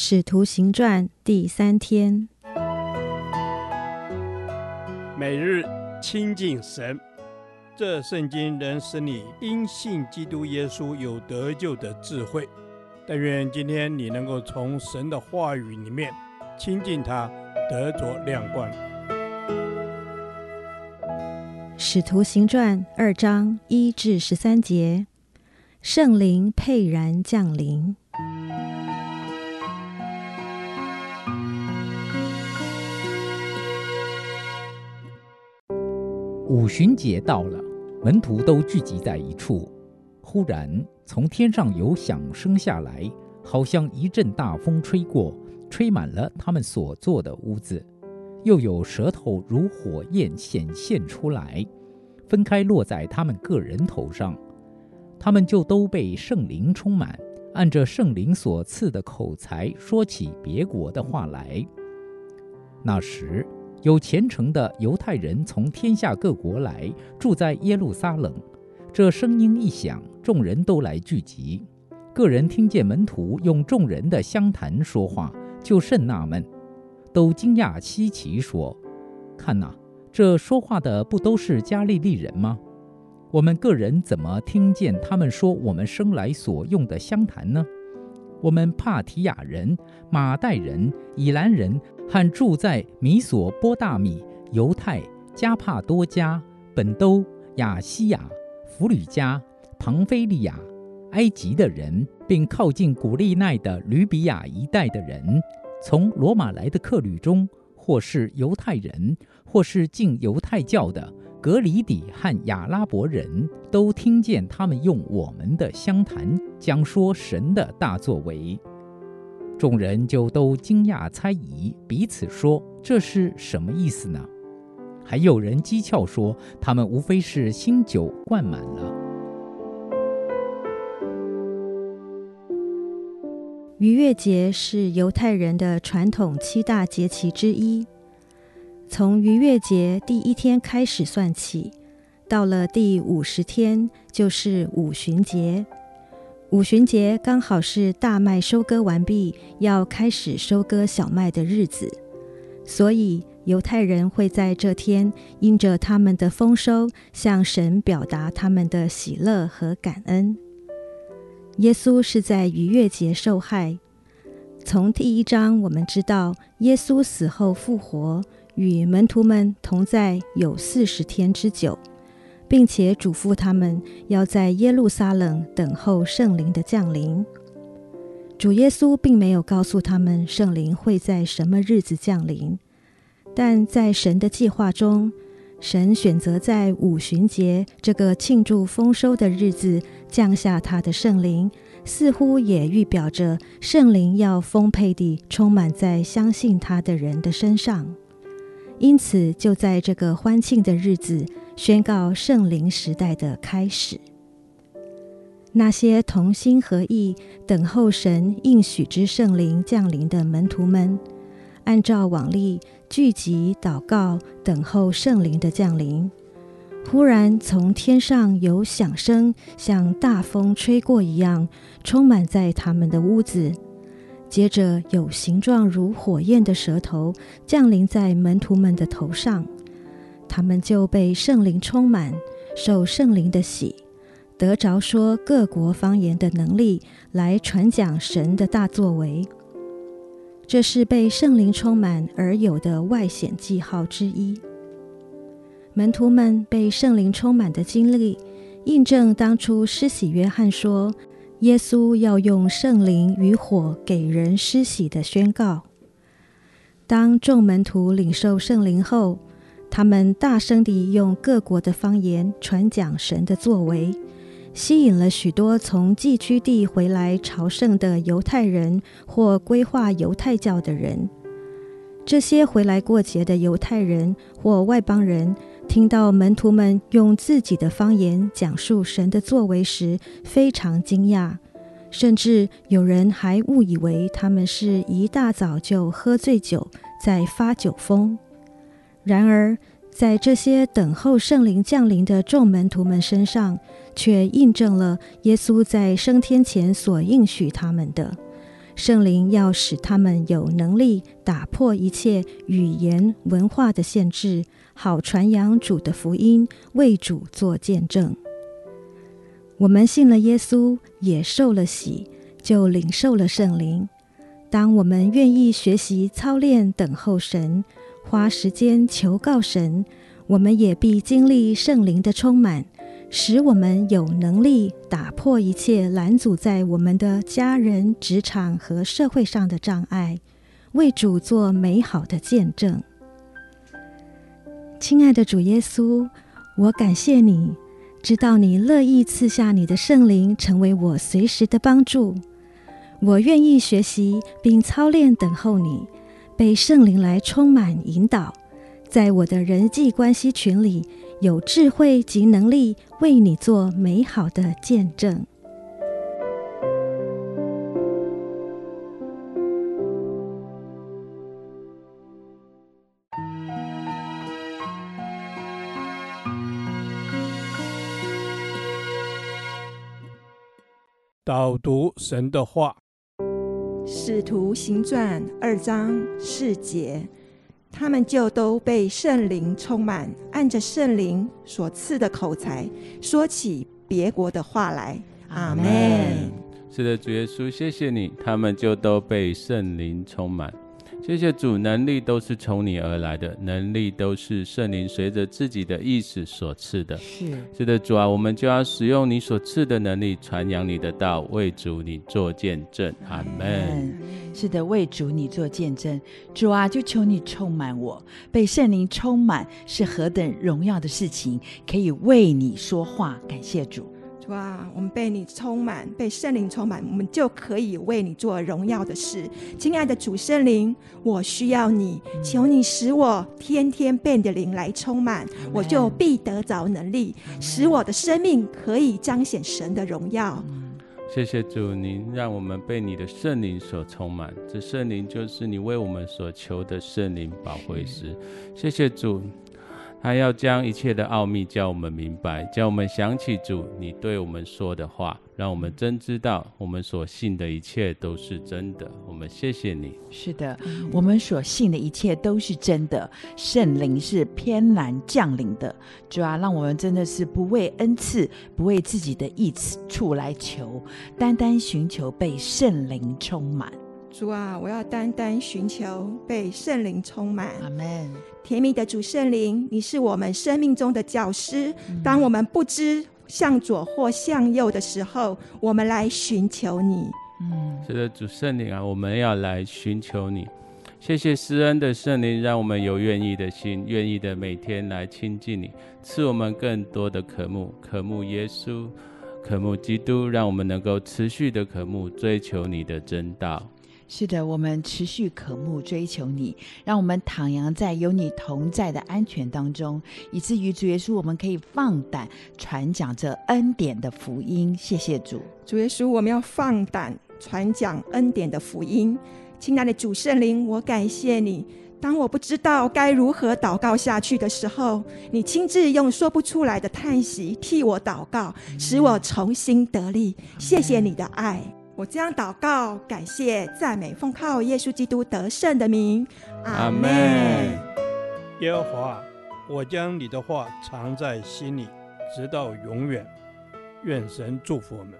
《使徒行傳》第三天，每日親近神，這聖經能使你因信基督耶穌有得救的智慧。但願今天你能夠從神的話語裡面親近他，得着亮光。《使徒行傳》二章一至十三節，聖靈沛然降臨。五旬節到了，門徒都聚集在一處。忽然，從天上有響聲下來，好像一陣大風吹過，吹滿了他們所坐的屋子。又有舌頭如火焰顯現出來，分開落在他們各人頭上，他們就都被聖靈充滿，按着聖靈所賜的口才說起別國的話來。那時，有虔誠的猶太人從天下各國來，住在耶路撒冷。這聲音一響，眾人都來聚集。各人聽見門徒用眾人的鄉談說話，就甚納悶，都驚訝稀奇，說：“看哪，這說話的不都是加利利人嗎？我們各人怎麼聽見他們說我們生來所用的鄉談呢？”我們帕提亞人、馬代人、以蘭人，和住在米索波大米、猶太、加帕多家、本都、亞西亞、弗呂加、龐菲利亞、埃及的人，並靠近古利奈的呂比亞一帶的人，從羅馬來的客旅中，或是猶太人，或是進猶太教的。格裡底和亞拉伯人都聽見他們用我們的鄉談講說神的大作為，眾人就都驚訝猜疑，彼此說：“這是什麼意思呢？”還有人譏誚說：“他們無非是新酒灌滿了。”逾越節是猶太人的傳統七大節期之一。從逾越節第一天開始算起，到了第五十天就是五旬節。五旬節剛好是大麥收割完畢，要開始收割小麥的日子，所以猶太人會在這天，因着他們的豐收，向神表達他們的喜樂和感恩。耶穌是在逾越節受害。從第一章我們知道，耶穌死後復活。與門徒們同在有四十天之久，並且囑咐他們要在耶路撒冷等候聖靈的降臨。主耶穌並沒有告訴他們聖靈會在什麼日子降臨，但在神的計劃中，神選擇在五旬節這個慶祝豐收的日子降下他的聖靈，似乎也預表着聖靈要豐沛地充滿在相信他的人的身上。因此，就在這個歡慶的日子，宣告聖靈時代的開始。那些同心合意等候神應許之聖靈降臨的門徒們，按照往例聚集、禱告，等候聖靈的降臨。忽然，從天上有響聲，像大風吹過一樣，充滿在他們的屋子。接着，有形狀如火焰的舌頭降臨在門徒們的頭上，他們就被聖靈充滿，受聖靈的洗，得着說各國方言的能力，來傳講神的大作為。這是被聖靈充滿而有的外顯記號之一。門徒們被聖靈充滿的經歷，印證當初施洗約翰說，耶穌要用聖靈與火給人施洗的宣告。當眾門徒領受聖靈後，他們大聲地用各國的方言傳講神的作為，吸引了許多從寄居地回來朝聖的猶太人或歸化猶太教的人。這些回來過節的猶太人或外邦人。聽到門徒們用自己的方言講述神的作為時，非常驚訝，甚至有人還誤以為他們是一大早就喝醉酒在發酒瘋。然而，在這些等候聖靈降臨的眾門徒們身上，卻印證了耶穌在升天前所應許他們的。聖靈要使他們有能力打破一切語言文化的限制，好傳揚主的福音，為主作見證。我們信了耶穌，也受了洗，就領受了聖靈。當我們願意學習操練等候神，花時間求告神，我們也必經歷聖靈的充滿。使我們有能力打破一切攔阻在我們的家人、職場和社會上的障礙，為主做美好的見證。親愛的主耶穌，我感謝你，知道你樂意賜下你的聖靈，成為我隨時的幫助。我願意學習並操練等候你，被聖靈來充滿、引導，在我的人際關係群裡。有智慧及能力為你做美好的見證。導讀神的話，《使徒行傳》二章四節。他們就都被聖靈充滿，按着聖靈所賜的口才，說起別國的話來。阿門。是的，主耶穌，謝謝你。他們就都被聖靈充滿。謝謝主，能力都是從你而來的，能力都是聖靈隨着自己的意思所賜的。是是的，主啊，我們就要使用你所賜的能力，傳揚你的道，為主你做見證。阿門。嗯。是的，為主你做見證，主啊，就求你充滿我，被聖靈充滿是何等榮耀的事情，可以為你說話。感謝主。哇！我們被你充滿，被聖靈充滿，我們就可以為你做榮耀的事。親愛的主聖靈，我需要你，嗯、求你使我天天被你的靈來充滿，嗯、我就必得着能力，嗯、使我的生命可以彰顯神的榮耀。嗯、謝謝主，您讓我們被你的聖靈所充滿，這聖靈就是你為我們所求的聖靈保惠師。是謝謝主。他要將一切的奧秘叫我們明白，叫我們想起主你對我們說的話，讓我們真知道我們所信的一切都是真的。我們謝謝你。是的，嗯、我們所信的一切都是真的。聖靈是沛然降臨的，主要讓我們真的是不為恩賜，不為自己的益處來求，單單尋求被聖靈充滿。主啊，我要單單尋求被聖靈充滿。阿們。甜蜜的主聖靈，你是我們生命中的教師。嗯。當我們不知向左或向右的時候，我們來尋求你。嗯，是的，主聖靈啊，我們要來尋求你。謝謝施恩的聖靈，讓我們有願意的心，願意的每天來親近你，賜我們更多的渴慕，渴慕耶穌，渴慕基督，讓我們能夠持續的渴慕，追求你的真道。是的，我們持續渴慕追求你，讓我們徜徉在有你同在的安全當中，以至於主耶穌，我們可以放膽傳講這恩典的福音。謝謝主，主耶穌，我們要放膽傳講恩典的福音。親愛的主聖靈，我感謝你，當我不知道該如何禱告下去的時候，你親自用說不出來的嘆息替我禱告，嗯、使我重新得力。的謝謝你的愛。我這樣禱告，感謝、讚美、奉靠耶穌基督得勝的名，Amen、阿門。耶和華，我將你的話藏在心裡，直到永遠。願神祝福我們。